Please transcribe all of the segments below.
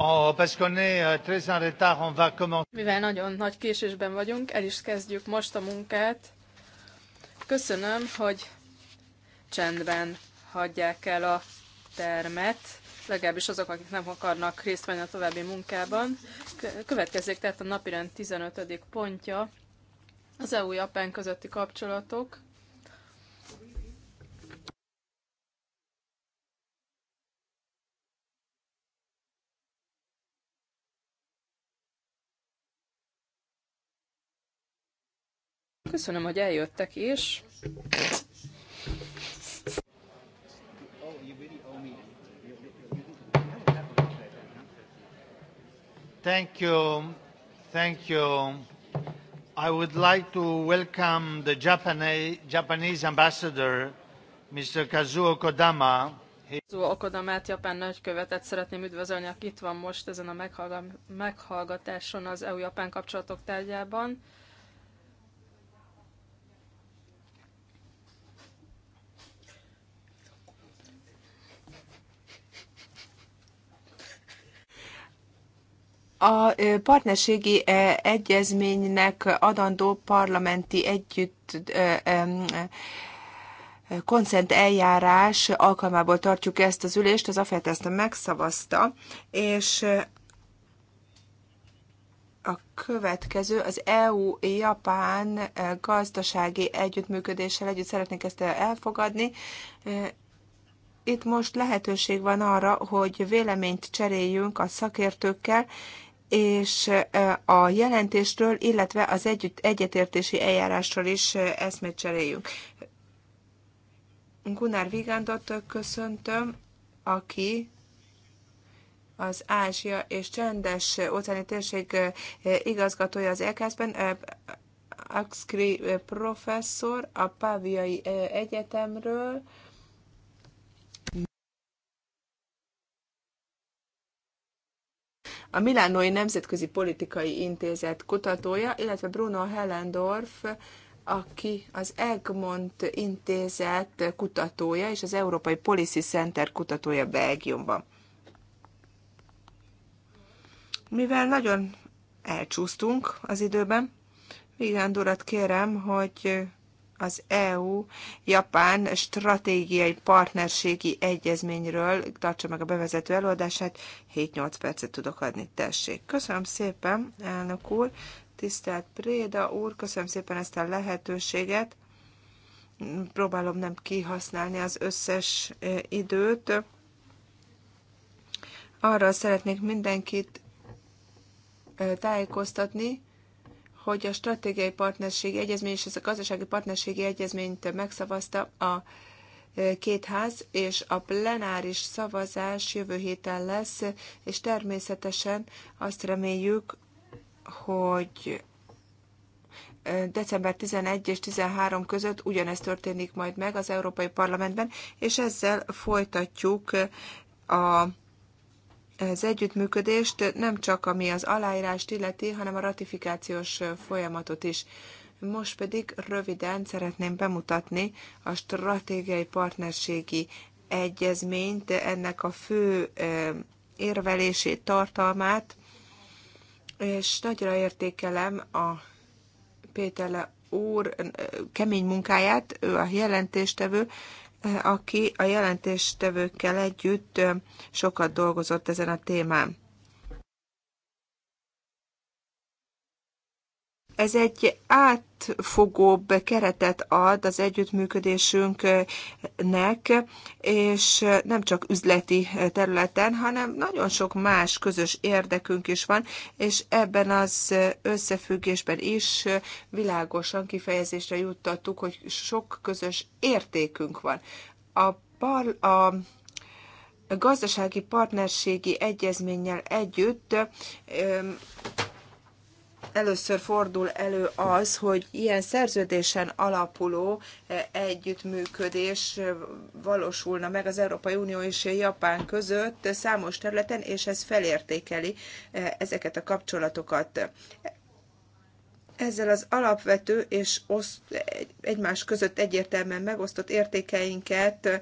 Oh, euh, Mivel nagyon nagy késésben vagyunk, el is kezdjük most a munkát. Köszönöm, hogy csendben hagyják el a termet, legalábbis azok, akik nem akarnak részt venni a további munkában. Következik tehát a napirend 15. pontja, az EU-Japán közötti kapcsolatok. Köszönöm, hogy eljöttek is. Thank you. Thank you. I would like to welcome the Japanese, Japanese ambassador, Mr. Kazuo Kodama. Kazuo Okodamát, japán nagykövetet szeretném üdvözölni, aki itt van most ezen a meghallgatáson az EU-Japán kapcsolatok tárgyában. A partnerségi egyezménynek adandó parlamenti együtt koncent eljárás alkalmából tartjuk ezt az ülést, az AFET ezt megszavazta, és a következő, az EU-Japán gazdasági együttműködéssel együtt szeretnék ezt elfogadni. Itt most lehetőség van arra, hogy véleményt cseréljünk a szakértőkkel, és e, a jelentésről, illetve az együtt, egyetértési eljárásról is e, eszmét cseréljünk. Gunnar Vigandot köszöntöm, aki az Ázsia és Csendes óceáni térség e, igazgatója az EKSZ-ben, Axkri professzor a Páviai Egyetemről, a Milánói Nemzetközi Politikai Intézet kutatója, illetve Bruno Hellendorf, aki az Egmont Intézet kutatója és az Európai Policy Center kutatója Belgiumban. Mivel nagyon elcsúsztunk az időben, Vigándorat kérem, hogy az EU-Japán stratégiai partnerségi egyezményről tartsa meg a bevezető előadását. 7-8 percet tudok adni, tessék. Köszönöm szépen, elnök úr, tisztelt Préda úr, köszönöm szépen ezt a lehetőséget. Próbálom nem kihasználni az összes e, időt. Arra szeretnék mindenkit e, tájékoztatni, hogy a stratégiai partnerségi egyezmény és ez a gazdasági partnerségi egyezményt megszavazta a e, két ház, és a plenáris szavazás jövő héten lesz, és természetesen azt reméljük, hogy e, december 11 és 13 között ugyanezt történik majd meg az Európai Parlamentben, és ezzel folytatjuk e, a az együttműködést nem csak ami az aláírást illeti, hanem a ratifikációs folyamatot is. Most pedig röviden szeretném bemutatni a stratégiai partnerségi egyezményt, ennek a fő érvelését, tartalmát, és nagyra értékelem a Péterle úr kemény munkáját, ő a jelentéstevő, aki a jelentéstevőkkel együtt sokat dolgozott ezen a témán. Ez egy átfogóbb keretet ad az együttműködésünknek, és nem csak üzleti területen, hanem nagyon sok más közös érdekünk is van, és ebben az összefüggésben is világosan kifejezésre juttattuk, hogy sok közös értékünk van. A, par, a gazdasági partnerségi egyezménnyel együtt először fordul elő az, hogy ilyen szerződésen alapuló eh, együttműködés eh, valósulna meg az Európai Unió és Japán között számos területen, és ez felértékeli eh, ezeket a kapcsolatokat. Ezzel az alapvető és egymás között egyértelműen megosztott értékeinket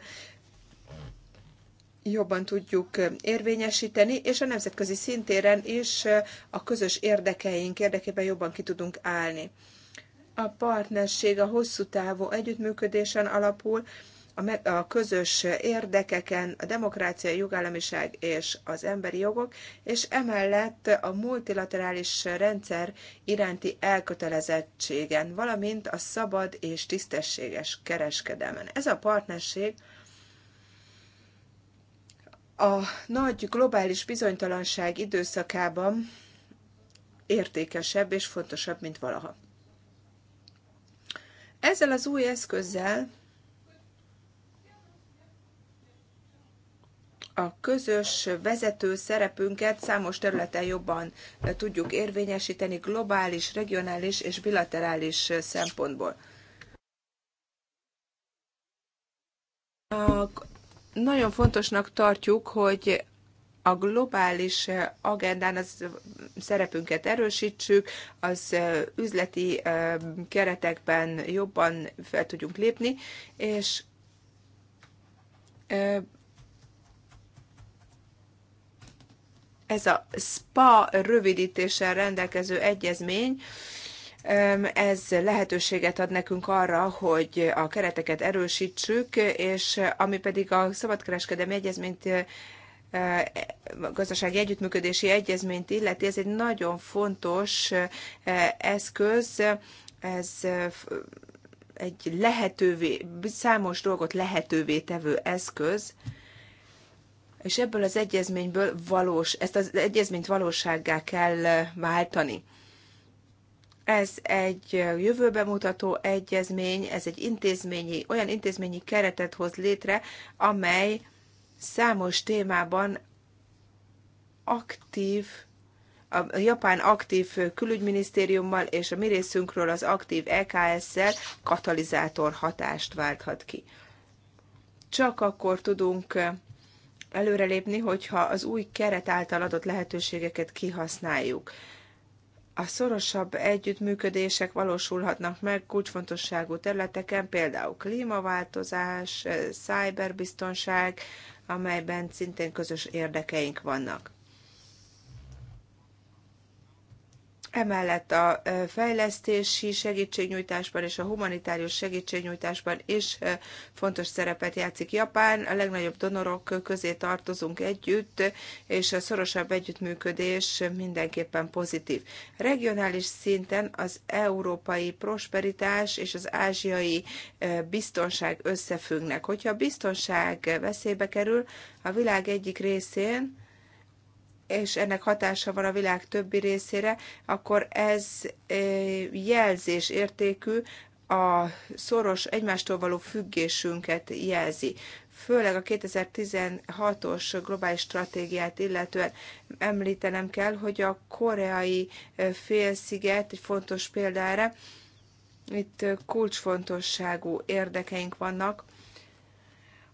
jobban tudjuk érvényesíteni, és a nemzetközi szintéren is a közös érdekeink érdekében jobban ki tudunk állni. A partnerség a hosszú távú együttműködésen alapul, a, közös érdekeken, a demokrácia, a jogállamiság és az emberi jogok, és emellett a multilaterális rendszer iránti elkötelezettségen, valamint a szabad és tisztességes kereskedelmen. Ez a partnerség a nagy globális bizonytalanság időszakában értékesebb és fontosabb, mint valaha. Ezzel az új eszközzel a közös vezető szerepünket számos területen jobban tudjuk érvényesíteni globális, regionális és bilaterális szempontból. Nagyon fontosnak tartjuk, hogy a globális agendán az szerepünket erősítsük, az üzleti keretekben jobban fel tudjunk lépni, és ez a SPA rövidítéssel rendelkező egyezmény ez lehetőséget ad nekünk arra, hogy a kereteket erősítsük, és ami pedig a szabadkereskedelmi egyezményt gazdasági együttműködési egyezményt illeti, ez egy nagyon fontos eszköz, ez egy lehetővé, számos dolgot lehetővé tevő eszköz, és ebből az egyezményből valós, ezt az egyezményt valósággá kell váltani. Ez egy jövőbemutató egyezmény, ez egy intézményi, olyan intézményi keretet hoz létre, amely számos témában aktív, a japán aktív külügyminisztériummal és a mi részünkről az aktív EKS-szel katalizátor hatást válthat ki. Csak akkor tudunk előrelépni, hogyha az új keret által adott lehetőségeket kihasználjuk a szorosabb együttműködések valósulhatnak meg kulcsfontosságú területeken, például klímaváltozás, szájberbiztonság, eh, amelyben szintén közös érdekeink vannak. Emellett a fejlesztési segítségnyújtásban és a humanitárius segítségnyújtásban is fontos szerepet játszik Japán. A legnagyobb donorok közé tartozunk együtt, és a szorosabb együttműködés mindenképpen pozitív. Regionális szinten az európai prosperitás és az ázsiai biztonság összefüggnek. Hogyha a biztonság veszélybe kerül, a világ egyik részén, és ennek hatása van a világ többi részére, akkor ez eh, jelzés értékű, a szoros egymástól való függésünket jelzi. Főleg a 2016-os globális stratégiát illetően említenem kell, hogy a koreai eh, félsziget egy fontos példára, itt eh, kulcsfontosságú érdekeink vannak,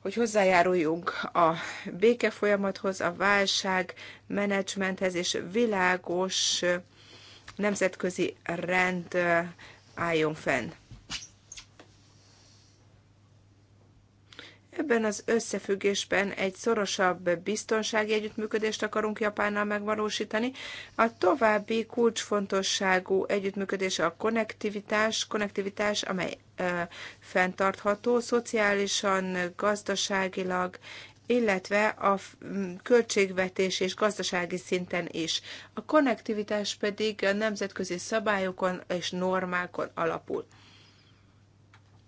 hogy hozzájáruljunk a béke folyamathoz, a válság menedzsmenthez és világos nemzetközi rend álljon fenn. Ebben az összefüggésben egy szorosabb biztonsági együttműködést akarunk Japánnal megvalósítani. A további kulcsfontosságú együttműködés a konnektivitás, konnektivitás, amely ö, fenntartható szociálisan, gazdaságilag, illetve a költségvetés és gazdasági szinten is. A konnektivitás pedig a nemzetközi szabályokon és normákon alapul.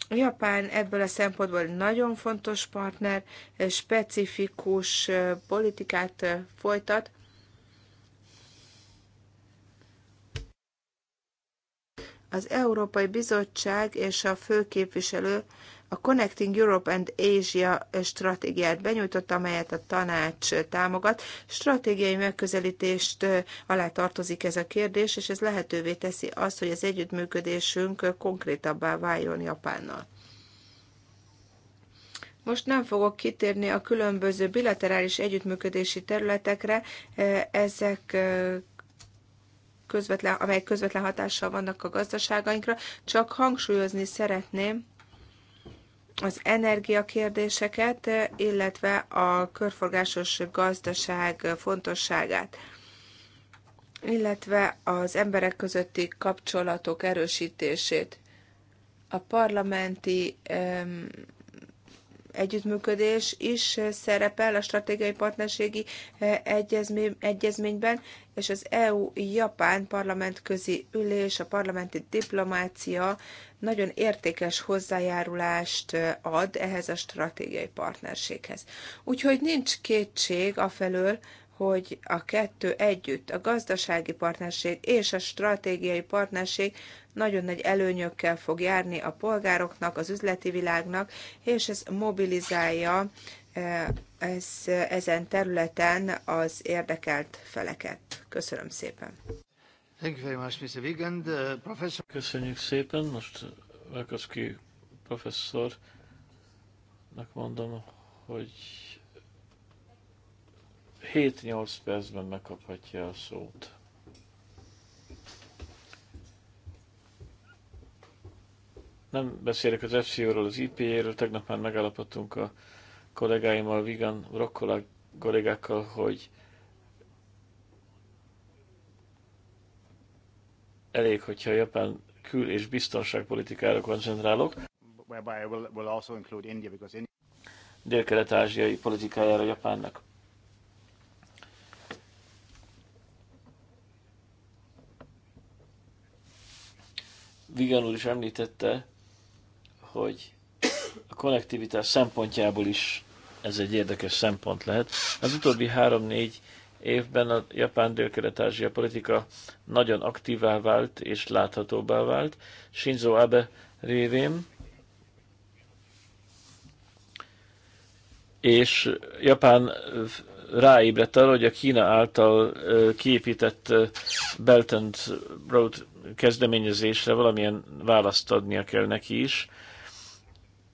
Japán ebből a szempontból nagyon fontos partner, specifikus politikát folytat. Az Európai Bizottság és a főképviselő a Connecting Europe and Asia stratégiát benyújtott, amelyet a tanács támogat. Stratégiai megközelítést alá tartozik ez a kérdés, és ez lehetővé teszi azt, hogy az együttműködésünk konkrétabbá váljon Japánnal. Most nem fogok kitérni a különböző bilaterális együttműködési területekre, ezek közvetlen, amelyek közvetlen hatással vannak a gazdaságainkra, csak hangsúlyozni szeretném, az energiakérdéseket, illetve a körforgásos gazdaság fontosságát, illetve az emberek közötti kapcsolatok erősítését. A parlamenti együttműködés is szerepel a stratégiai partnerségi e, egyezmény, egyezményben, és az EU-Japán parlamentközi ülés, a parlamenti diplomácia nagyon értékes hozzájárulást ad ehhez a stratégiai partnerséghez. Úgyhogy nincs kétség afelől, hogy a kettő együtt, a gazdasági partnerség és a stratégiai partnerség nagyon nagy előnyökkel fog járni a polgároknak, az üzleti világnak, és ez mobilizálja ez, ezen területen az érdekelt feleket. Köszönöm szépen! Uh, Köszönjük szépen. Most Rakowski professzornak mondom, hogy 7-8 percben megkaphatja a szót. Nem beszélek az FCO-ról, az IPA-ről, tegnap már megállapodtunk a kollégáimmal, Vigan Rock kollégákkal, hogy elég, hogyha Japán kül- és biztonságpolitikára koncentrálok. Dél-kelet-ázsiai politikájára Japánnak. Vigan úr is említette, hogy a konnektivitás szempontjából is ez egy érdekes szempont lehet. Az utóbbi három-négy évben a japán délkelet-ázsia politika nagyon aktívá vált és láthatóbbá vált. Shinzo Abe révén és Japán ráébredt arra, hogy a Kína által kiépített Belt and Road kezdeményezésre valamilyen választ adnia kell neki is,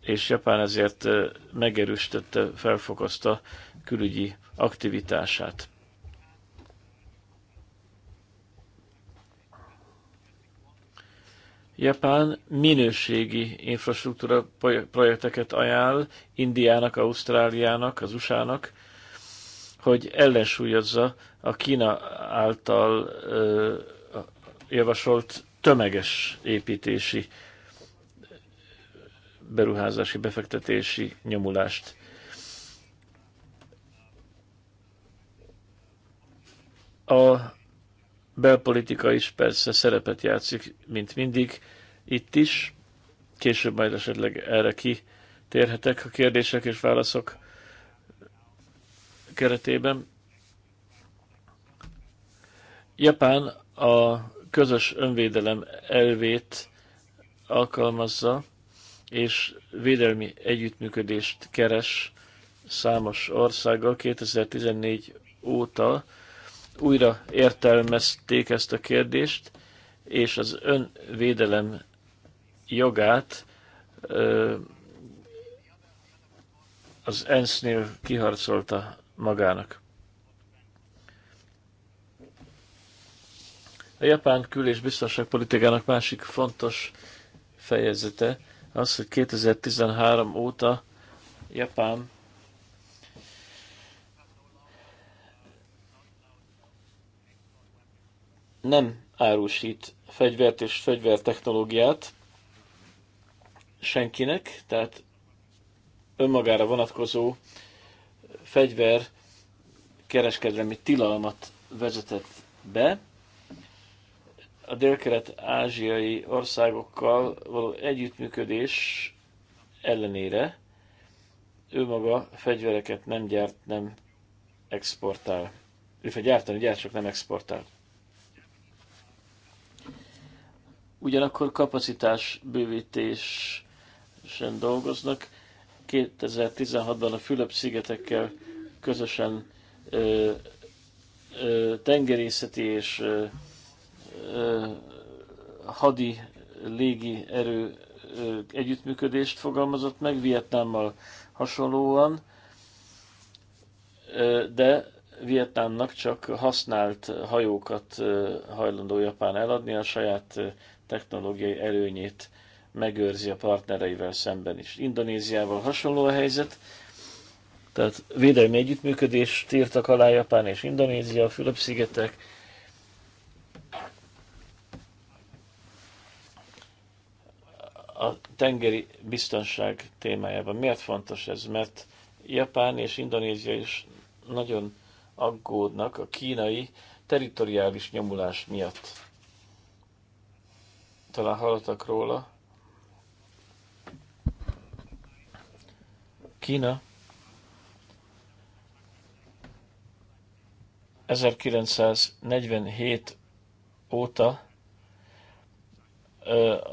és Japán ezért megerősítette, felfokozta külügyi aktivitását. Japán minőségi infrastruktúra projekteket ajánl Indiának, Ausztráliának, az USA-nak, hogy ellensúlyozza a Kína által ö, javasolt tömeges építési, beruházási, befektetési nyomulást. A belpolitika is persze szerepet játszik, mint mindig itt is. Később majd esetleg erre kitérhetek a kérdések és válaszok keretében. Japán a közös önvédelem elvét alkalmazza, és védelmi együttműködést keres számos országgal 2014 óta újra értelmezték ezt a kérdést, és az önvédelem jogát az ENSZ-nél kiharcolta magának. A japán kül- és biztonságpolitikának másik fontos fejezete az, hogy 2013 óta Japán nem árusít fegyvert és fegyvertechnológiát senkinek, tehát önmagára vonatkozó fegyver kereskedelmi tilalmat vezetett be. A dél ázsiai országokkal való együttműködés ellenére ő maga fegyvereket nem gyárt, nem exportál. Illetve gyártani gyárt, csak nem exportál. Ugyanakkor kapacitás bővítésen dolgoznak. 2016-ban a Fülöp-szigetekkel közösen ö, ö, tengerészeti és ö, ö, hadi légi erő ö, együttműködést fogalmazott meg, Vietnámmal hasonlóan, ö, de Vietnámnak csak használt hajókat hajlandó Japán eladni a saját technológiai előnyét megőrzi a partnereivel szemben is. Indonéziával hasonló a helyzet, tehát védelmi együttműködést írtak alá Japán és Indonézia, a Fülöp-szigetek. A tengeri biztonság témájában. Miért fontos ez? Mert Japán és Indonézia is nagyon aggódnak a kínai teritoriális nyomulás miatt talán hallottak róla. Kína 1947 óta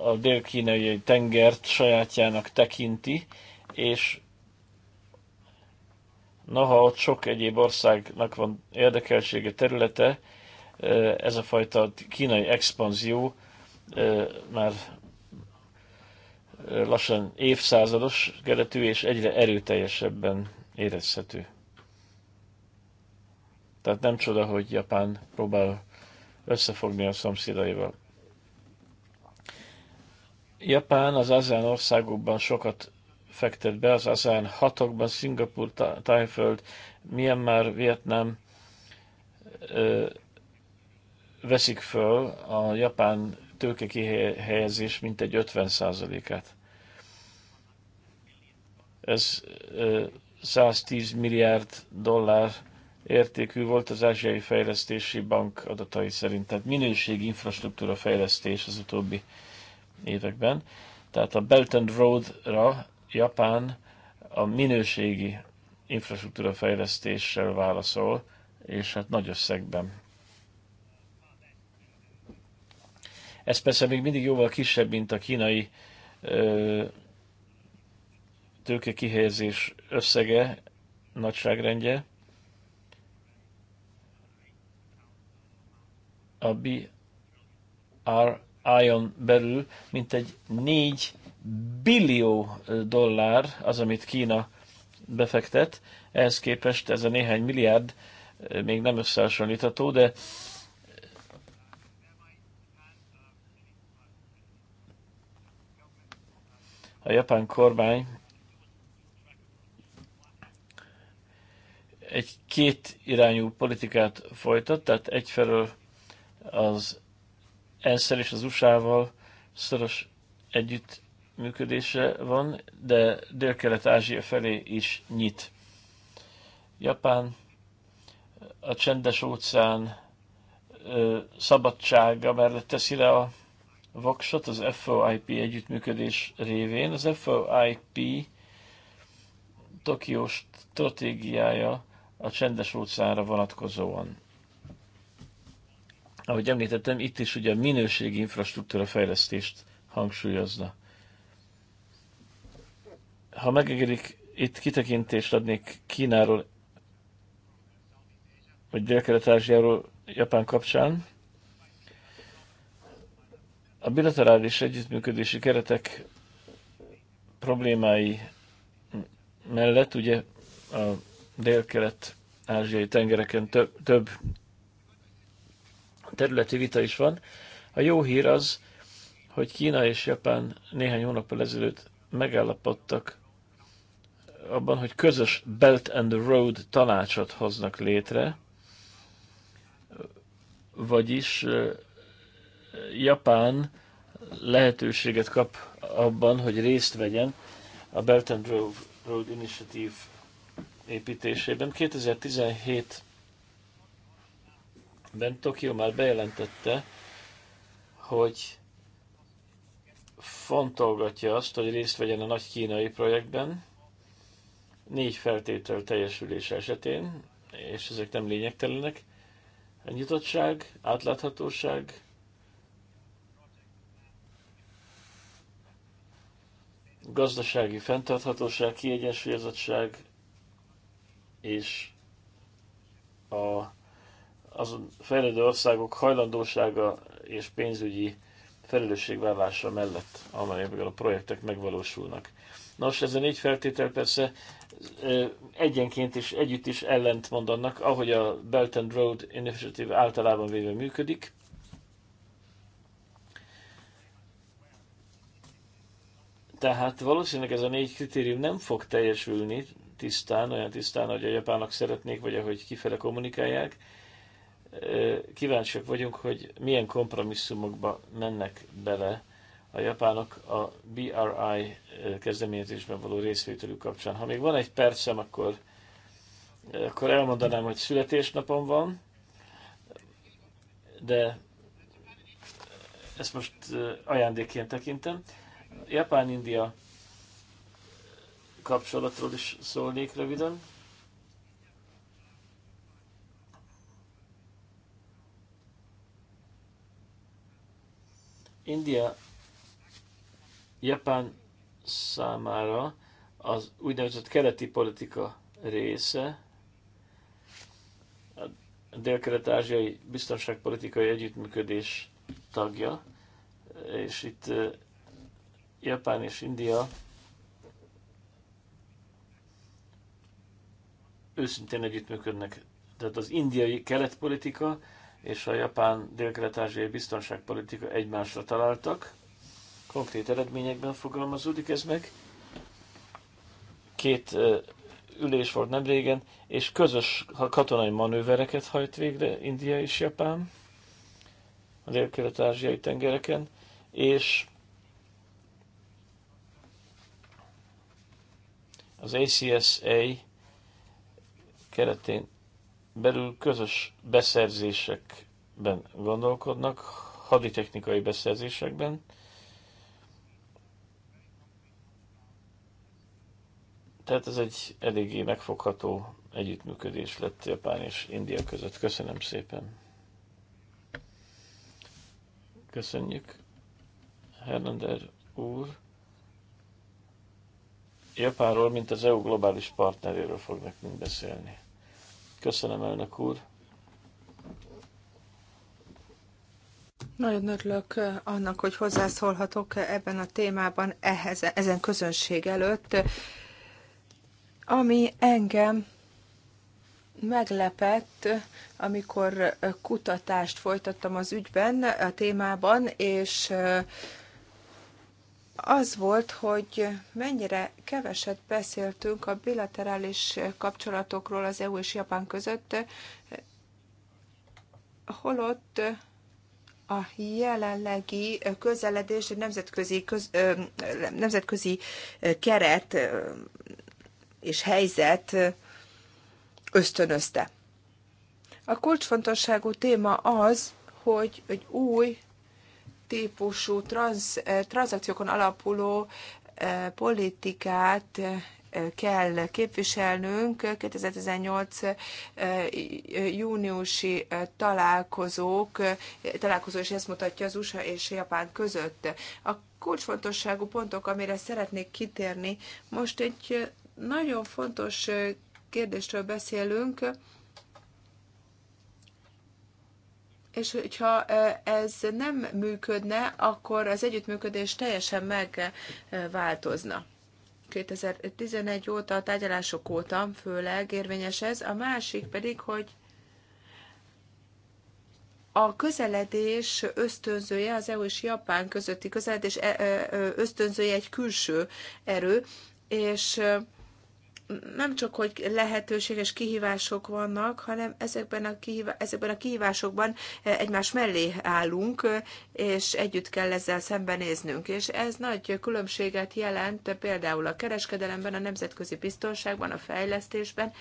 a dél-kínai tengert sajátjának tekinti, és noha ott sok egyéb országnak van érdekeltsége területe, ez a fajta kínai expanzió már lassan évszázados keretű és egyre erőteljesebben érezhető. Tehát nem csoda, hogy Japán próbál összefogni a szomszédaival. Japán az ASEAN országokban sokat fektet be, az ASEAN hatokban, Szingapur, Tájföld, Myanmar, Vietnám veszik föl a japán tőke kihelyezés mintegy 50%-át. Ez 110 milliárd dollár értékű volt az Ázsiai Fejlesztési Bank adatai szerint. Tehát minőségi infrastruktúra fejlesztés az utóbbi években. Tehát a Belt and Road-ra Japán a minőségi infrastruktúra fejlesztéssel válaszol, és hát nagy összegben. Ez persze még mindig jóval kisebb, mint a kínai tőke kihelyezés összege, nagyságrendje. A BR Ion belül mintegy 4 billió dollár az, amit Kína befektet. Ehhez képest ez a néhány milliárd még nem összehasonlítható, de a japán kormány egy két irányú politikát folytat, tehát egyfelől az ensz és az USA-val szoros együttműködése van, de Dél-Kelet-Ázsia felé is nyit. Japán a csendes óceán szabadsága mellett teszi le a Vaksat az FOIP együttműködés révén. Az FOIP Tokió stratégiája a csendes óceánra vonatkozóan. Ahogy említettem, itt is ugye a minőségi infrastruktúra fejlesztést hangsúlyozna. Ha megegedik, itt kitekintést adnék Kínáról, vagy Dél-Kelet-Ázsiáról Japán kapcsán. A bilaterális együttműködési keretek problémái mellett ugye a délkelet ázsiai tengereken több, több területi vita is van. A jó hír az, hogy Kína és Japán néhány hónappal ezelőtt megállapodtak abban, hogy közös Belt and Road tanácsot hoznak létre, vagyis Japán lehetőséget kap abban, hogy részt vegyen a Belt and Road, Road Initiative építésében. 2017-ben Tokio már bejelentette, hogy fontolgatja azt, hogy részt vegyen a nagy kínai projektben, négy feltétel teljesülés esetén, és ezek nem lényegtelenek. A nyitottság, átláthatóság, gazdasági fenntarthatóság, kiegyensúlyozottság és a, azon fejlődő országok hajlandósága és pénzügyi felelősségvállása mellett, amelyből a projektek megvalósulnak. Nos, ez a négy feltétel persze egyenként és együtt is ellent mondanak, ahogy a Belt and Road Initiative általában véve működik. Tehát valószínűleg ez a négy kritérium nem fog teljesülni tisztán, olyan tisztán, hogy a japánok szeretnék, vagy ahogy kifele kommunikálják. Kíváncsiak vagyunk, hogy milyen kompromisszumokba mennek bele a japánok a BRI kezdeményezésben való részvételük kapcsán. Ha még van egy percem, akkor, akkor elmondanám, hogy születésnapom van, de ezt most ajándékként tekintem. Japán-India kapcsolatról is szólnék röviden. India Japán számára az úgynevezett keleti politika része, a dél-kelet-ázsiai biztonságpolitikai együttműködés tagja, és itt Japán és India őszintén együttműködnek. Tehát az indiai keletpolitika és a japán dél-kelet-ázsiai biztonságpolitika egymásra találtak. Konkrét eredményekben fogalmazódik ez meg. Két ülés volt nem régen, és közös katonai manővereket hajt végre India és Japán a dél-kelet-ázsiai tengereken, és Az ACSA keretén belül közös beszerzésekben gondolkodnak, haditechnikai beszerzésekben. Tehát ez egy eléggé megfogható együttműködés lett Japán és India között. Köszönöm szépen. Köszönjük, Hernander úr. Japánról, mint az EU globális partneréről fog nekünk beszélni. Köszönöm, elnök úr! Nagyon örülök eh, annak, hogy hozzászólhatok ebben a témában ehhez, ezen közönség előtt. Ami engem meglepett, amikor kutatást folytattam az ügyben, a témában, és eh, az volt, hogy mennyire keveset beszéltünk a bilaterális kapcsolatokról az EU és Japán között, holott a jelenlegi közeledés egy nemzetközi, köz, nemzetközi keret és helyzet ösztönözte. A kulcsfontosságú téma az, hogy egy új típusú transz, eh, tranzakciókon alapuló eh, politikát eh, kell képviselnünk. 2018 júniusi találkozók, találkozó is ezt mutatja az USA és Japán között. A kulcsfontosságú pontok, amire szeretnék kitérni, most egy nagyon fontos kérdésről beszélünk, és hogyha ez nem működne, akkor az együttműködés teljesen megváltozna. 2011 óta, a tárgyalások óta főleg érvényes ez, a másik pedig, hogy a közeledés ösztönzője, az EU és Japán közötti közeledés ösztönzője egy külső erő, és nem csak, hogy lehetőséges kihívások vannak, hanem ezekben a, kihívá- ezekben a kihívásokban eh, egymás mellé állunk, eh, és együtt kell ezzel szembenéznünk. És ez nagy különbséget jelent például a kereskedelemben, a nemzetközi biztonságban, a fejlesztésben,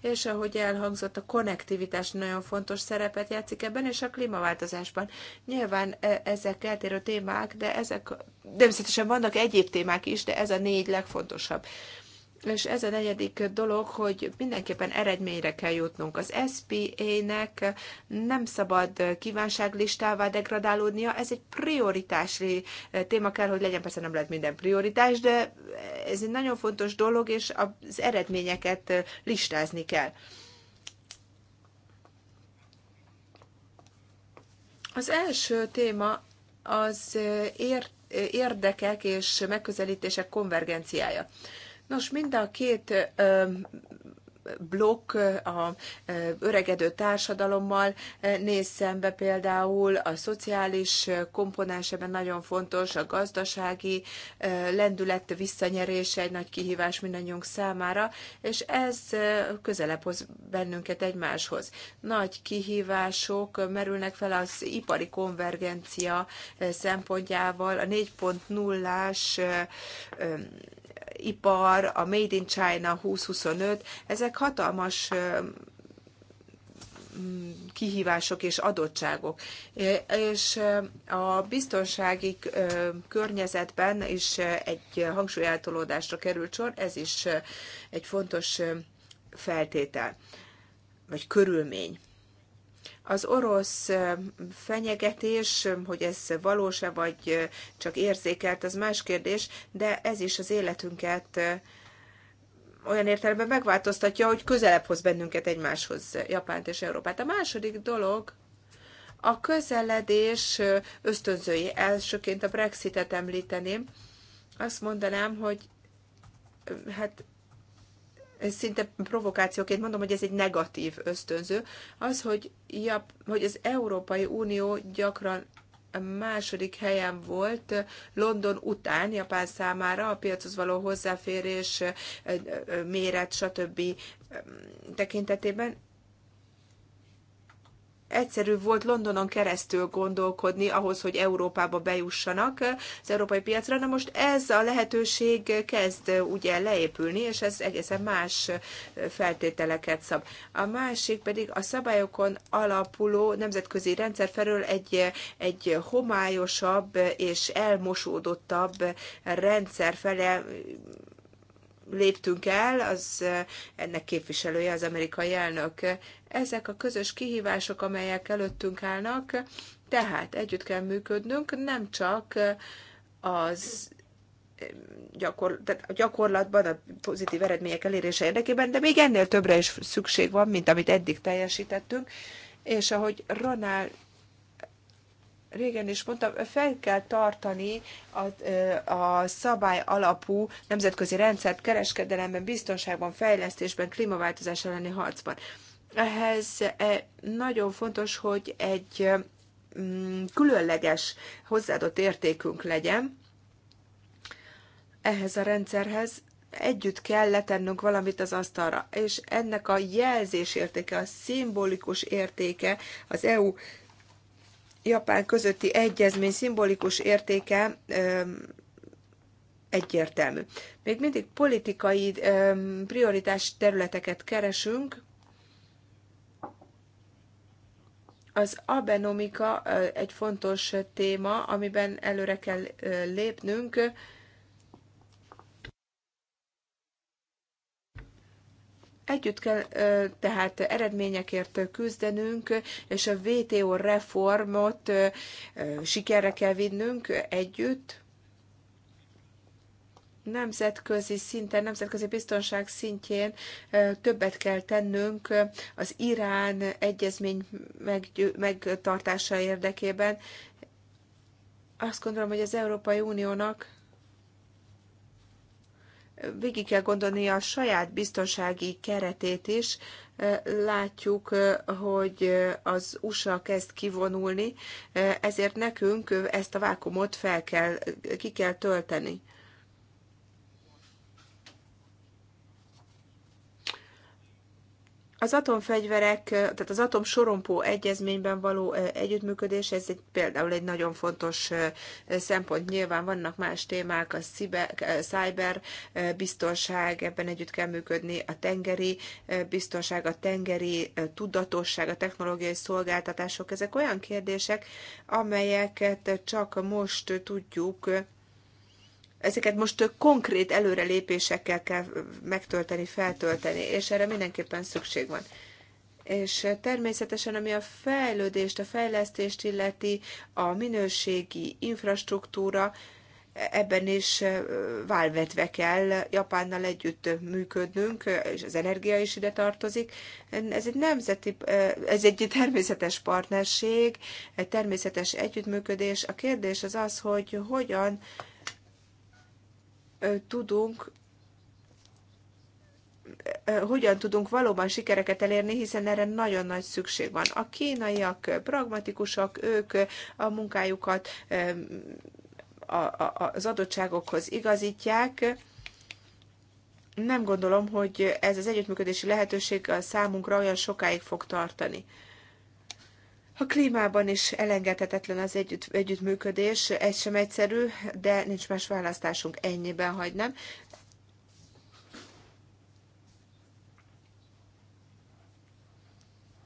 és ahogy elhangzott, a konnektivitás nagyon fontos szerepet játszik ebben, és a klímaváltozásban. Nyilván eh, ezek eltérő témák, de ezek természetesen vannak egyéb témák is, de ez a négy legfontosabb. És ez a negyedik dolog, hogy mindenképpen eredményre kell jutnunk. Az SPA-nek nem szabad kívánságlistává degradálódnia, ez egy prioritási eh, téma kell, hogy legyen, persze nem lehet minden prioritás, de ez egy nagyon fontos dolog, és az eredményeket eh, listázni kell. Az első téma az eh, érdekek és megközelítések konvergenciája. Nos, mind a két blokk a öregedő társadalommal néz szembe például a szociális komponens ebben nagyon fontos, a gazdasági lendület visszanyerése egy nagy kihívás mindannyiunk számára, és ez közelebb hoz bennünket egymáshoz. Nagy kihívások merülnek fel az ipari konvergencia szempontjával, a 4.0-ás ipar, a Made in China 2025, ezek hatalmas kihívások és adottságok. És a biztonsági környezetben is egy hangsúlyeltolódásra került sor, ez is egy fontos feltétel, vagy körülmény. Az orosz fenyegetés, hogy ez valós-e vagy csak érzékelt, az más kérdés, de ez is az életünket olyan értelemben megváltoztatja, hogy közelebb hoz bennünket egymáshoz, Japánt és Európát. A második dolog, a közeledés ösztönzői. Elsőként a Brexitet említeném. Azt mondanám, hogy hát szinte provokációként mondom, hogy ez egy negatív ösztönző, az, hogy, ja, hogy az Európai Unió gyakran második helyen volt London után Japán számára a piachoz való hozzáférés, méret, stb. tekintetében, egyszerű volt Londonon keresztül gondolkodni ahhoz, hogy Európába bejussanak eh, az európai piacra. Na most ez a lehetőség kezd eh, ugye leépülni, és ez egészen más eh, feltételeket szab. A másik pedig a szabályokon alapuló nemzetközi rendszer felől egy, egy homályosabb és elmosódottabb rendszer fele léptünk el, az ennek képviselője az amerikai elnök. Ezek a közös kihívások, amelyek előttünk állnak, tehát együtt kell működnünk, nem csak az gyakor, tehát a gyakorlatban a pozitív eredmények elérése érdekében, de még ennél többre is szükség van, mint amit eddig teljesítettünk. És ahogy Ronald régen is mondtam, fel kell tartani a, a szabály alapú nemzetközi rendszert kereskedelemben, biztonságban, fejlesztésben, klímaváltozás elleni harcban. Ehhez e, nagyon fontos, hogy egy mm, különleges hozzáadott értékünk legyen ehhez a rendszerhez, együtt kell letennünk valamit az asztalra, és ennek a jelzés értéke, a szimbolikus értéke az EU Japán közötti egyezmény szimbolikus értéke egyértelmű. Még mindig politikai prioritás területeket keresünk. Az abenomika egy fontos téma, amiben előre kell lépnünk Együtt kell tehát eredményekért küzdenünk, és a VTO reformot sikerre kell vinnünk együtt. Nemzetközi szinten, nemzetközi biztonság szintjén többet kell tennünk az Irán egyezmény megtartása érdekében. Azt gondolom, hogy az Európai Uniónak végig kell gondolni a saját biztonsági keretét is. Látjuk, hogy az USA kezd kivonulni, ezért nekünk ezt a vákumot fel kell, ki kell tölteni. Az atomfegyverek, tehát az sorompó egyezményben való együttműködés, ez egy, például egy nagyon fontos szempont. Nyilván vannak más témák, a cyber biztonság, ebben együtt kell működni, a tengeri biztonság, a tengeri tudatosság, a technológiai szolgáltatások, ezek olyan kérdések, amelyeket csak most tudjuk ezeket most konkrét előrelépésekkel kell megtölteni, feltölteni, és erre mindenképpen szükség van. És természetesen, ami a fejlődést, a fejlesztést illeti, a minőségi infrastruktúra, ebben is válvetve kell Japánnal együtt működnünk, és az energia is ide tartozik. Ez egy nemzeti, ez egy természetes partnerség, egy természetes együttműködés. A kérdés az az, hogy hogyan tudunk hogyan tudunk valóban sikereket elérni, hiszen erre nagyon nagy szükség van. A kínaiak pragmatikusak, ők a munkájukat az adottságokhoz igazítják. Nem gondolom, hogy ez az együttműködési lehetőség a számunkra olyan sokáig fog tartani. A klímában is elengedhetetlen az együtt, együttműködés, ez sem egyszerű, de nincs más választásunk, ennyiben hagynám.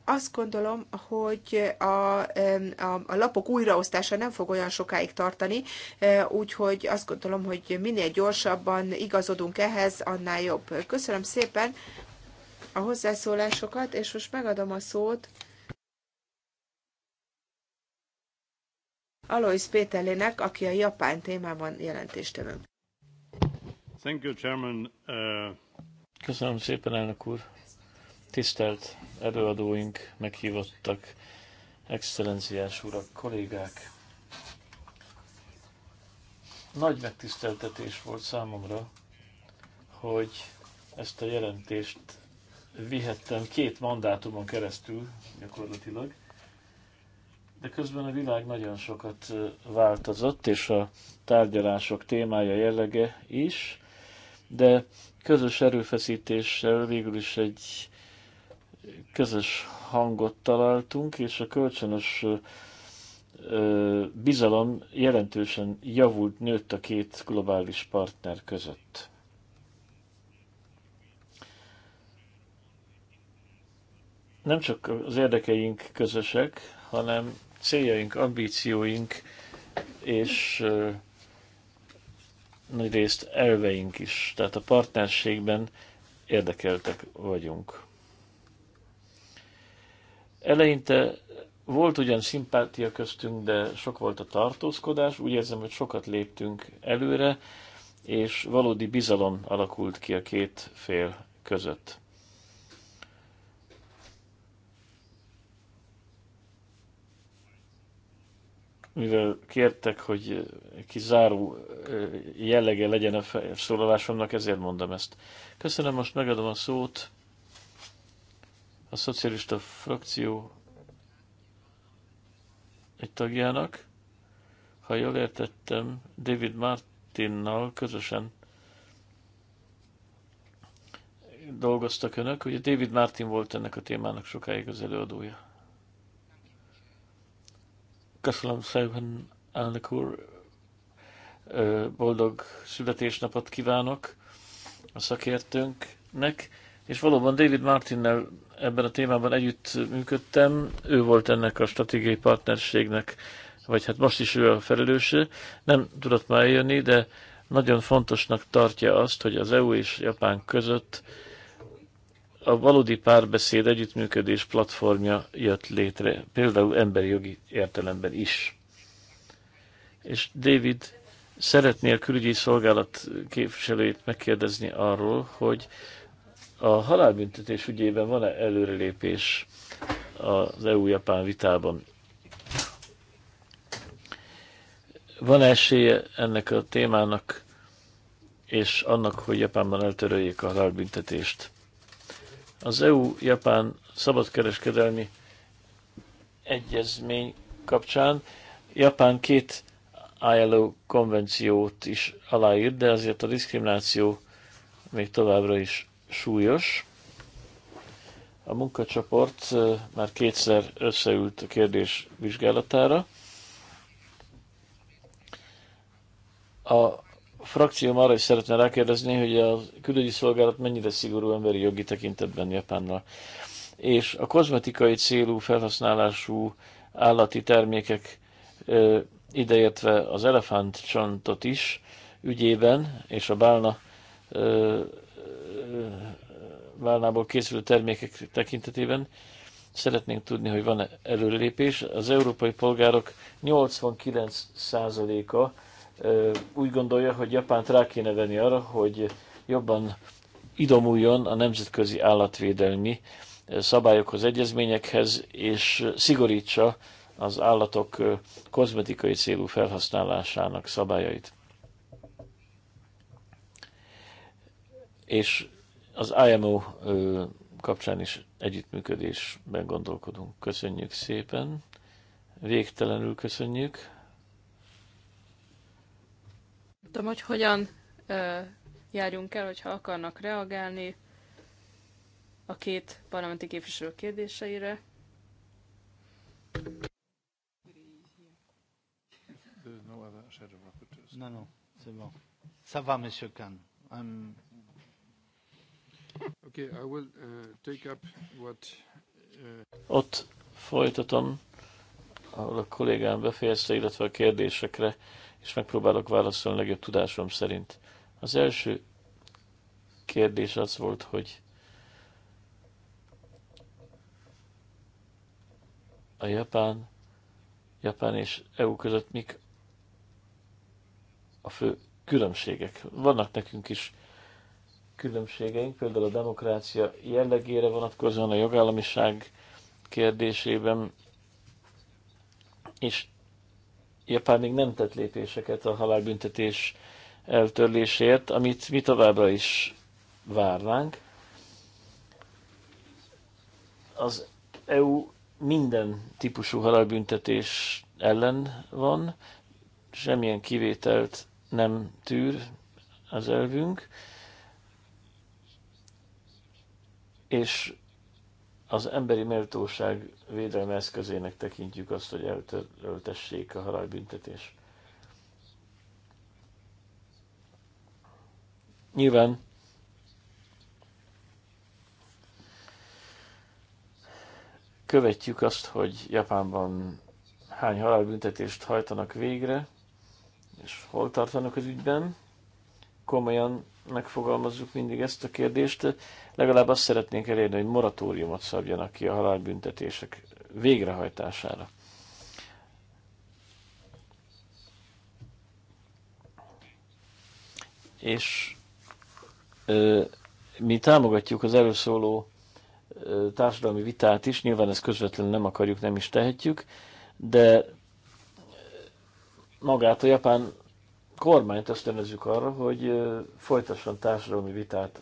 azt gondolom, hogy a, a, a lapok újraosztása nem fog olyan sokáig tartani, e, úgyhogy azt gondolom, hogy minél gyorsabban igazodunk ehhez, annál jobb. Köszönöm szépen a hozzászólásokat, és most megadom a szót Alois Péterlének, aki a japán témában jelentéstevő. Thank you, Chairman. Uh... Köszönöm szépen, elnök úr. Tisztelt előadóink, meghívottak, excellenciás urak, kollégák. Nagy megtiszteltetés volt számomra, hogy ezt a jelentést vihettem két mandátumon keresztül gyakorlatilag, de közben a világ nagyon sokat változott, és a tárgyalások témája jellege is, de közös erőfeszítéssel végül is egy közös hangot találtunk, és a kölcsönös bizalom jelentősen javult, nőtt a két globális partner között. Nem csak az érdekeink közösek, hanem céljaink, ambícióink és nagy részt elveink is. Tehát a partnerségben érdekeltek vagyunk. Eleinte volt ugyan szimpátia köztünk, de sok volt a tartózkodás. Úgy érzem, hogy sokat léptünk előre, és valódi bizalom alakult ki a két fél között. mivel kértek, hogy kizáró jellege legyen a szólalásomnak, ezért mondom ezt. Köszönöm, most megadom a szót a szocialista frakció egy tagjának. Ha jól értettem, David Martinnal közösen dolgoztak önök. Ugye David Martin volt ennek a témának sokáig az előadója. Köszönöm szépen, elnök úr. Boldog születésnapot kívánok a szakértőnknek. És valóban David Martinnel ebben a témában együtt működtem. Ő volt ennek a stratégiai partnerségnek, vagy hát most is ő a felelőse. Nem tudott már eljönni, de nagyon fontosnak tartja azt, hogy az EU és Japán között a valódi párbeszéd együttműködés platformja jött létre, például emberi jogi értelemben is. És David, szeretné a külügyi szolgálat képviselőjét megkérdezni arról, hogy a halálbüntetés ügyében van-e előrelépés az EU-Japán vitában? Van -e esélye ennek a témának és annak, hogy Japánban eltöröljék a halálbüntetést? Az EU-Japán szabadkereskedelmi egyezmény kapcsán Japán két ILO konvenciót is aláírt, de azért a diszkrimináció még továbbra is súlyos. A munkacsoport már kétszer összeült a kérdés vizsgálatára. A a frakcióm arra is szeretne rákérdezni, hogy a külügyi szolgálat mennyire szigorú emberi jogi tekintetben Japánnal. És a kozmetikai célú felhasználású állati termékek ideértve az elefántcsontot is ügyében, és a bálna bálnából készülő termékek tekintetében szeretnénk tudni, hogy van-e előrelépés. Az európai polgárok 89%-a úgy gondolja, hogy Japánt rá kéne venni arra, hogy jobban idomuljon a nemzetközi állatvédelmi szabályokhoz, egyezményekhez, és szigorítsa az állatok kozmetikai célú felhasználásának szabályait. És az IMO kapcsán is együttműködésben gondolkodunk. Köszönjük szépen, végtelenül köszönjük tudom, hogy hogyan járjunk el, hogyha akarnak reagálni a két parlamenti képviselő kérdéseire. No, no, c'est bon. Ça va, Monsieur Kahn. I'm... Okay, I will uh, take up what. Uh... Ott folytatom ahol a kollégám befejezte, illetve a kérdésekre, és megpróbálok válaszolni legjobb tudásom szerint. Az első kérdés az volt, hogy a Japán, Japán és EU között mik a fő különbségek. Vannak nekünk is különbségeink, például a demokrácia jellegére vonatkozóan, a jogállamiság kérdésében és Japán még nem tett lépéseket a halálbüntetés eltörlésért, amit mi továbbra is várnánk. Az EU minden típusú halálbüntetés ellen van, semmilyen kivételt nem tűr az elvünk, és az emberi méltóság védelme eszközének tekintjük azt, hogy eltöröltessék a halálbüntetés. Nyilván követjük azt, hogy Japánban hány halálbüntetést hajtanak végre, és hol tartanak az ügyben komolyan megfogalmazzuk mindig ezt a kérdést, legalább azt szeretnénk elérni, hogy moratóriumot szabjanak ki a halálbüntetések végrehajtására. És ö, mi támogatjuk az előszóló ö, társadalmi vitát is, nyilván ezt közvetlenül nem akarjuk, nem is tehetjük, de magát a japán kormányt ösztönözzük arra, hogy folytasson társadalmi vitát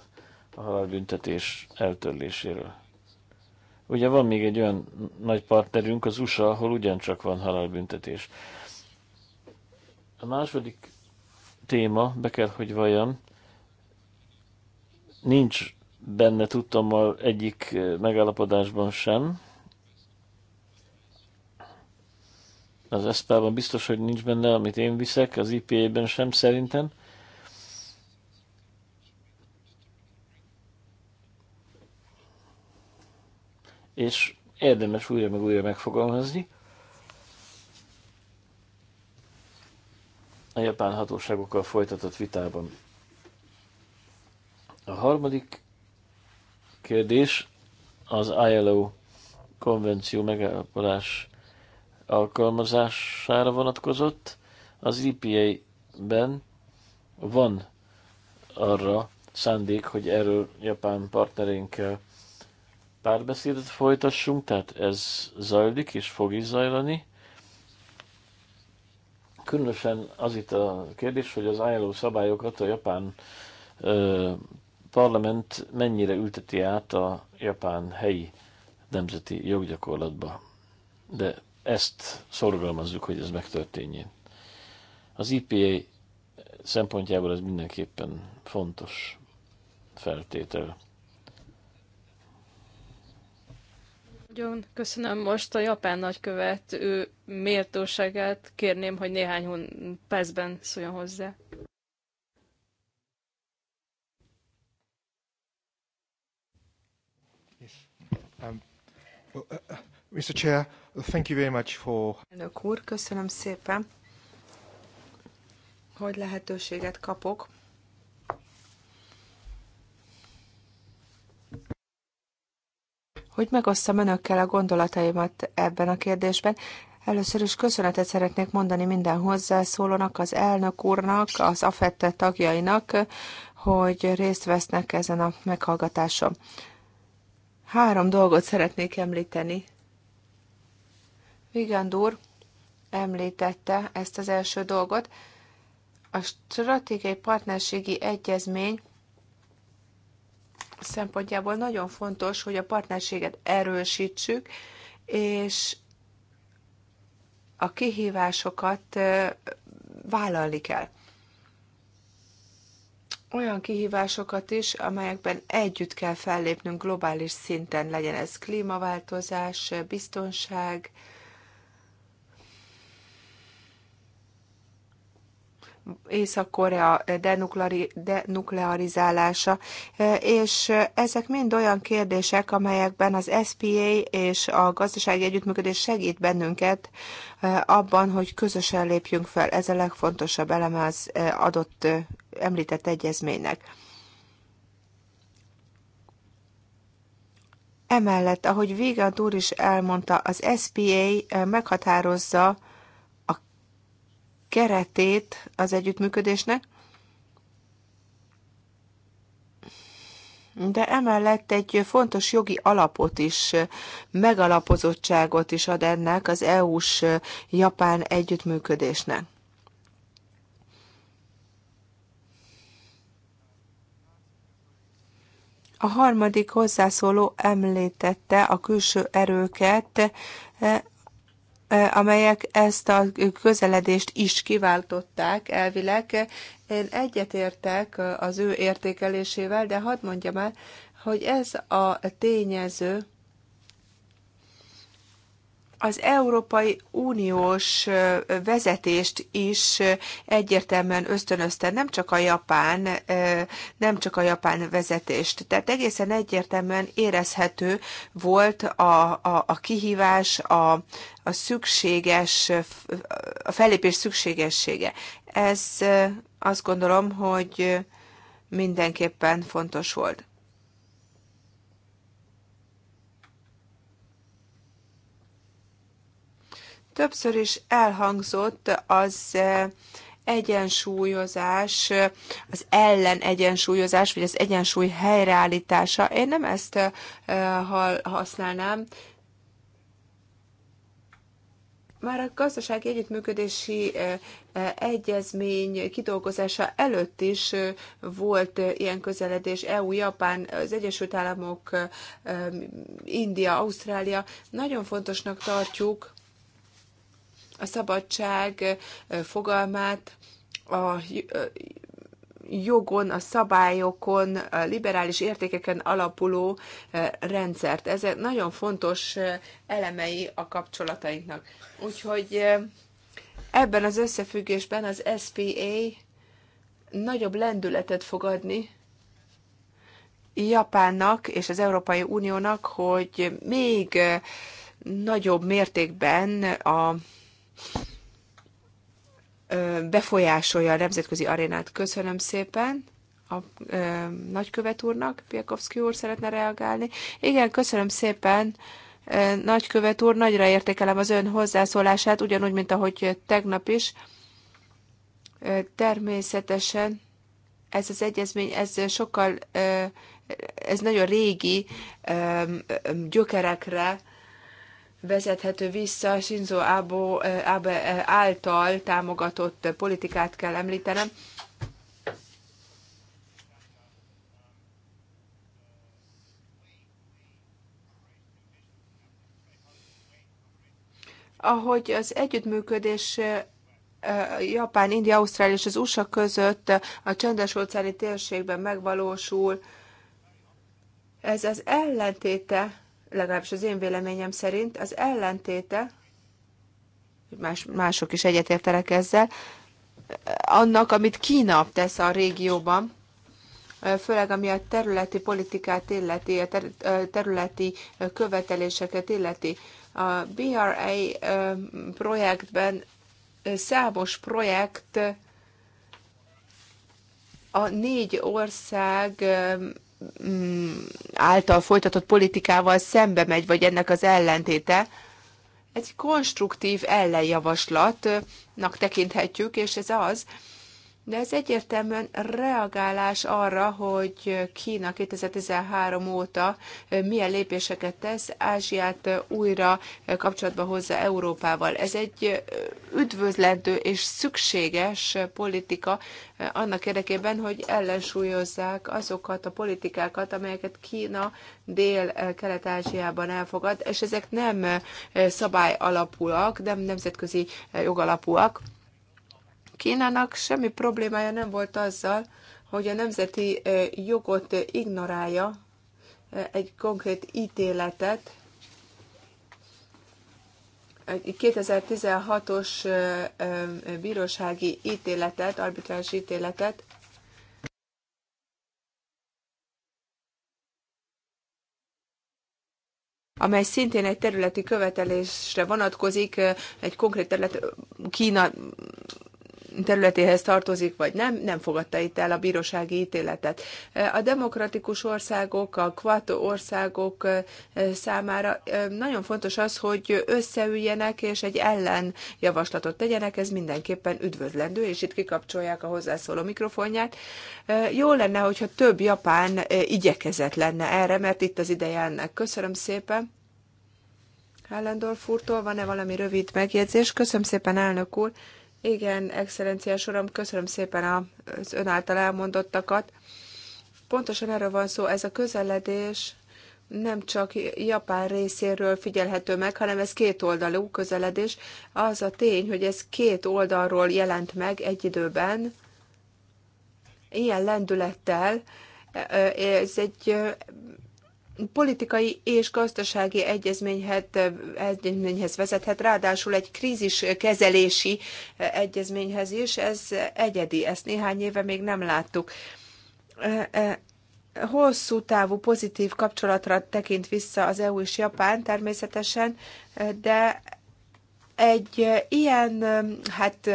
a halálbüntetés eltörléséről. Ugye van még egy olyan nagy partnerünk, az USA, ahol ugyancsak van halálbüntetés. A második téma, be kell, hogy vajon, nincs benne tudtommal egyik megállapodásban sem, az eszpában biztos, hogy nincs benne, amit én viszek, az IPA-ben sem szerintem. És érdemes újra meg újra megfogalmazni. A japán hatóságokkal folytatott vitában. A harmadik kérdés az ILO konvenció megállapodás alkalmazására vonatkozott. Az EPA-ben van arra szándék, hogy erről japán partnereinkkel párbeszédet folytassunk, tehát ez zajlik és fog is zajlani. Különösen az itt a kérdés, hogy az ILO szabályokat a japán ö, parlament mennyire ülteti át a japán helyi nemzeti joggyakorlatba. De ezt szorgalmazzuk, hogy ez megtörténjen. Az IPA szempontjából ez mindenképpen fontos feltétel. Nagyon köszönöm most a japán nagykövet ő méltóságát. Kérném, hogy néhány percben szóljon hozzá. Yes. Um, well, uh, uh, Mr. Chair, Thank you very much for... Elnök úr, köszönöm szépen, hogy lehetőséget kapok. hogy megosztam önökkel a gondolataimat ebben a kérdésben. Először is köszönetet szeretnék mondani minden hozzászólónak, az elnök úrnak, az afette tagjainak, hogy részt vesznek ezen a meghallgatáson. Három dolgot szeretnék említeni. Vigand úr említette ezt az első dolgot. A stratégiai partnerségi egyezmény szempontjából nagyon fontos, hogy a partnerséget erősítsük, és a kihívásokat vállalni kell. Olyan kihívásokat is, amelyekben együtt kell fellépnünk globális szinten, legyen ez klímaváltozás, biztonság, Észak-Korea denuklearizálása, e, és ezek mind olyan kérdések, amelyekben az SPA és a gazdasági együttműködés segít bennünket e, abban, hogy közösen lépjünk fel. Ez a legfontosabb eleme az e, adott említett egyezménynek. Emellett, ahogy Vigand úr is elmondta, az SPA meghatározza keretét az együttműködésnek, de emellett egy fontos jogi alapot is, megalapozottságot is ad ennek az EU-s japán együttműködésnek. A harmadik hozzászóló említette a külső erőket, amelyek ezt a közeledést is kiváltották elvileg. Én egyetértek az ő értékelésével, de hadd mondjam el, hogy ez a tényező az Európai Uniós vezetést is egyértelműen ösztönözte, nem csak a japán, nem csak a japán vezetést. Tehát egészen egyértelműen érezhető volt a, a, a kihívás, a, a szükséges, a felépés szükségessége. Ez azt gondolom, hogy mindenképpen fontos volt. Többször is elhangzott az eh, egyensúlyozás, az ellen egyensúlyozás, vagy az egyensúly helyreállítása. Én nem ezt eh, használnám. Már a gazdasági együttműködési eh, egyezmény kidolgozása előtt is volt ilyen közeledés EU-Japán, az Egyesült Államok, India, Ausztrália. Nagyon fontosnak tartjuk, a szabadság fogalmát, a jogon, a szabályokon, a liberális értékeken alapuló rendszert. Ezek nagyon fontos elemei a kapcsolatainknak. Úgyhogy ebben az összefüggésben az SPA nagyobb lendületet fog adni Japánnak és az Európai Uniónak, hogy még nagyobb mértékben a befolyásolja a nemzetközi arénát. Köszönöm szépen a ö, nagykövet úrnak, Piakovszki úr szeretne reagálni. Igen, köszönöm szépen, ö, nagykövet úr, nagyra értékelem az ön hozzászólását, ugyanúgy, mint ahogy tegnap is. Ö, természetesen ez az egyezmény, ez sokkal, ö, ez nagyon régi ö, gyökerekre, vezethető vissza Shinzo Abe eh, eh, által támogatott politikát kell említenem. Ahogy az együttműködés eh, Japán, India, Ausztrália és az USA között a csendes-óceáni térségben megvalósul, ez az ellentéte legalábbis az én véleményem szerint, az ellentéte, más, mások is egyetértenek ezzel, annak, amit Kína tesz a régióban, főleg ami a területi politikát illeti, a területi követeléseket illeti. A BRA projektben számos projekt a négy ország Mm, által folytatott politikával szembe megy, vagy ennek az ellentéte, egy konstruktív ellenjavaslatnak tekinthetjük, és ez az, de ez egyértelműen reagálás arra, hogy Kína 2013 óta milyen lépéseket tesz, Ázsiát újra kapcsolatba hozza Európával. Ez egy üdvözlendő és szükséges politika annak érdekében, hogy ellensúlyozzák azokat a politikákat, amelyeket Kína dél-kelet-ázsiában elfogad, és ezek nem szabály alapúak, nem nemzetközi jogalapúak. Kínának semmi problémája nem volt azzal, hogy a nemzeti jogot ignorálja egy konkrét ítéletet, egy 2016-os bírósági ítéletet, arbitrális ítéletet, amely szintén egy területi követelésre vonatkozik, egy konkrét terület Kína területéhez tartozik, vagy nem, nem fogadta itt el a bírósági ítéletet. A demokratikus országok, a kvat országok számára nagyon fontos az, hogy összeüljenek és egy ellen javaslatot tegyenek, ez mindenképpen üdvözlendő, és itt kikapcsolják a hozzászóló mikrofonját. Jó lenne, hogyha több japán igyekezett lenne erre, mert itt az ideje ennek. Köszönöm szépen! Hellendorf úrtól van-e valami rövid megjegyzés? Köszönöm szépen, elnök úr! Igen, excellenciás uram, köszönöm szépen az ön által elmondottakat. Pontosan erről van szó, ez a közeledés nem csak Japán részéről figyelhető meg, hanem ez két oldalú közeledés. Az a tény, hogy ez két oldalról jelent meg egy időben, ilyen lendülettel, ez egy politikai és gazdasági egyezményhez vezethet, ráadásul egy krízis kezelési egyezményhez is. Ez egyedi, ezt néhány éve még nem láttuk. E, e, hosszú távú pozitív kapcsolatra tekint vissza az EU és Japán természetesen, de egy ilyen, hát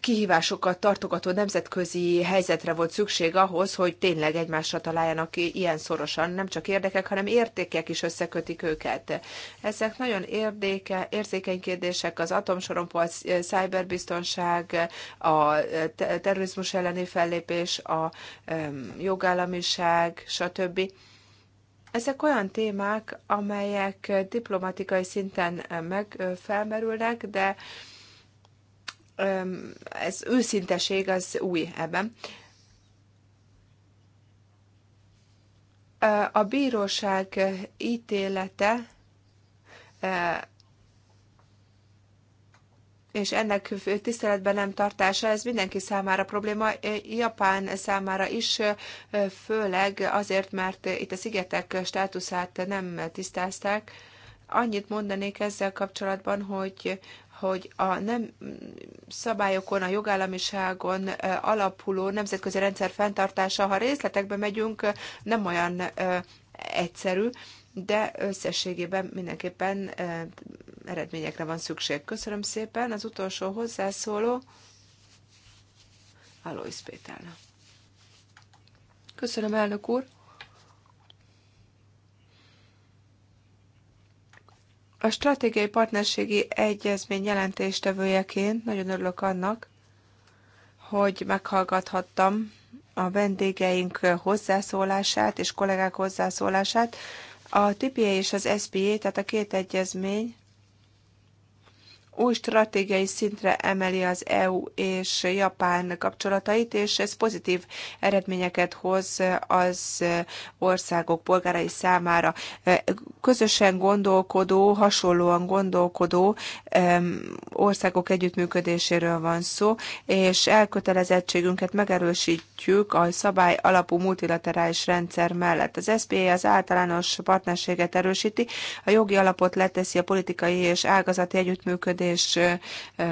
kihívásokat tartogató nemzetközi helyzetre volt szükség ahhoz, hogy tényleg egymásra találjanak ilyen szorosan, nem csak érdekek, hanem értékek is összekötik őket. Ezek nagyon érdéke, érzékeny kérdések, az atomsorompó, a e, szájberbiztonság, a e, terrorizmus elleni fellépés, a e, jogállamiság, stb. Ezek olyan témák, amelyek diplomatikai szinten meg felmerülnek, de ez őszinteség az új ebben. A bíróság ítélete és ennek tiszteletben nem tartása, ez mindenki számára probléma, Japán számára is, főleg azért, mert itt a szigetek státuszát nem tisztázták. Annyit mondanék ezzel kapcsolatban, hogy hogy a nem szabályokon, a jogállamiságon alapuló nemzetközi rendszer fenntartása, ha részletekbe megyünk, nem olyan egyszerű, de összességében mindenképpen eredményekre van szükség. Köszönöm szépen. Az utolsó hozzászóló Alois Péternek. Köszönöm, elnök úr. A stratégiai partnerségi egyezmény jelentéstevőjeként nagyon örülök annak, hogy meghallgathattam a vendégeink hozzászólását és kollégák hozzászólását. A TPA és az SPA, tehát a két egyezmény új stratégiai szintre emeli az EU és Japán kapcsolatait, és ez pozitív eredményeket hoz az országok polgárai számára. Közösen gondolkodó, hasonlóan gondolkodó országok együttműködéséről van szó, és elkötelezettségünket megerősítjük a szabály alapú multilaterális rendszer mellett. Az SPA az általános partnerséget erősíti, a jogi alapot leteszi a politikai és ágazati együttműködés kérdés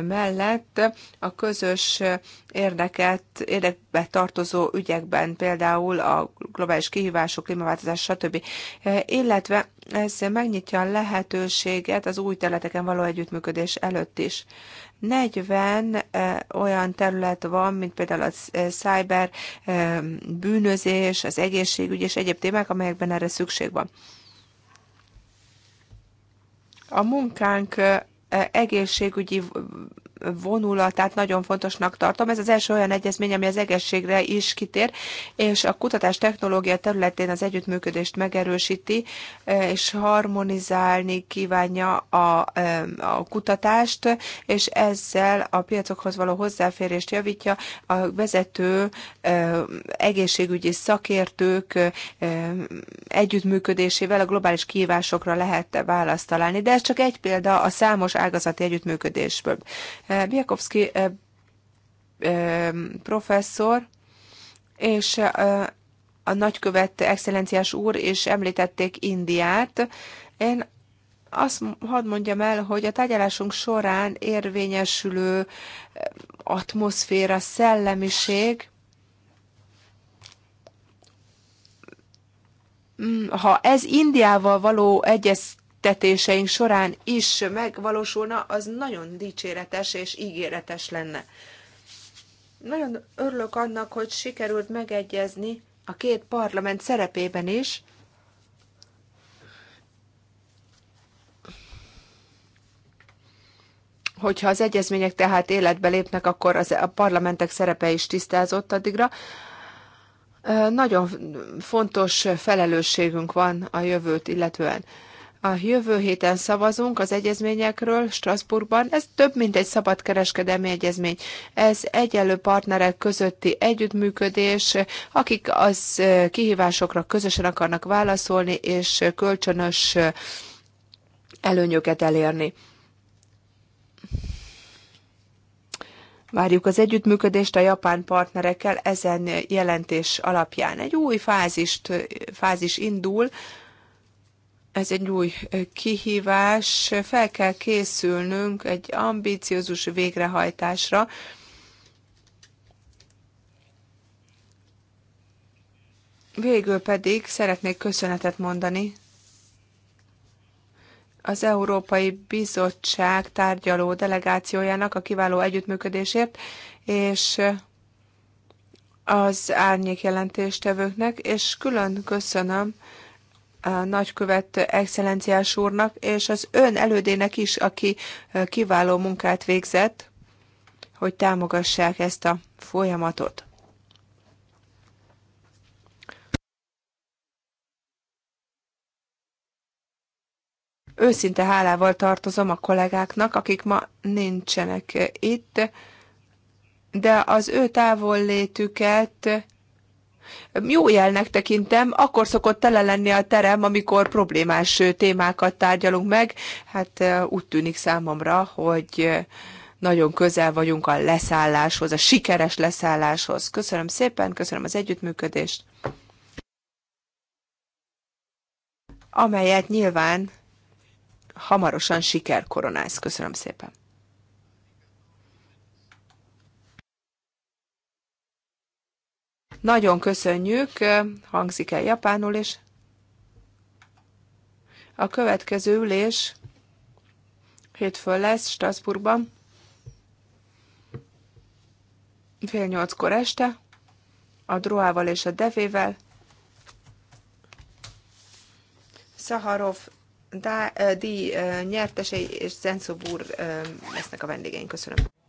mellett a közös érdeket, érdekbe tartozó ügyekben, például a globális kihívások, klímaváltozás, stb. Illetve ez megnyitja a lehetőséget az új területeken való együttműködés előtt is. 40 olyan terület van, mint például a cyber bűnözés, az egészségügy és egyéb témák, amelyekben erre szükség van. A munkánk egészségügyi vonulatát nagyon fontosnak tartom. Ez az első olyan egyezmény, ami az egészségre is kitér, és a kutatás technológia területén az együttműködést megerősíti, és harmonizálni kívánja a, a kutatást, és ezzel a piacokhoz való hozzáférést javítja a vezető egészségügyi szakértők együttműködésével a globális kihívásokra lehet választ találni. De ez csak egy példa a számos ágazati együttműködésből. Biakovszki eh, eh, professzor és eh, a nagykövet excellenciás úr és említették Indiát. Én azt hadd mondjam el, hogy a tárgyalásunk során érvényesülő atmoszféra, szellemiség, ha ez Indiával való egyes befektetéseink során is megvalósulna, az nagyon dicséretes és ígéretes lenne. Nagyon örülök annak, hogy sikerült megegyezni a két parlament szerepében is, hogyha az egyezmények tehát életbe lépnek, akkor az, a parlamentek szerepe is tisztázott addigra. Nagyon fontos felelősségünk van a jövőt illetően. A jövő héten szavazunk az egyezményekről Strasbourgban. Ez több, mint egy szabadkereskedelmi egyezmény. Ez egyenlő partnerek közötti együttműködés, akik az eh, kihívásokra közösen akarnak válaszolni, és kölcsönös eh, előnyöket elérni. Várjuk az együttműködést a japán partnerekkel ezen jelentés alapján. Egy új fázist, eh, fázis indul, ez egy új kihívás, fel kell készülnünk egy ambíciózus végrehajtásra, Végül pedig szeretnék köszönetet mondani az Európai Bizottság tárgyaló delegációjának a kiváló együttműködésért, és az árnyék jelentéstevőknek, és külön köszönöm a nagykövet excellenciás úrnak, és az ön elődének is, aki kiváló munkát végzett, hogy támogassák ezt a folyamatot. Őszinte hálával tartozom a kollégáknak, akik ma nincsenek itt, de az ő távollétüket jó jelnek tekintem, akkor szokott tele lenni a terem, amikor problémás témákat tárgyalunk meg. Hát úgy tűnik számomra, hogy nagyon közel vagyunk a leszálláshoz, a sikeres leszálláshoz. Köszönöm szépen, köszönöm az együttműködést, amelyet nyilván hamarosan siker koronáz. Köszönöm szépen. Nagyon köszönjük, hangzik el japánul is. A következő ülés hétfőn lesz Strasbourgban, fél nyolckor este, a Droával és a Devével. Szaharov díj eh, nyertesei és Zenszobúr eh, lesznek a vendégeink. Köszönöm.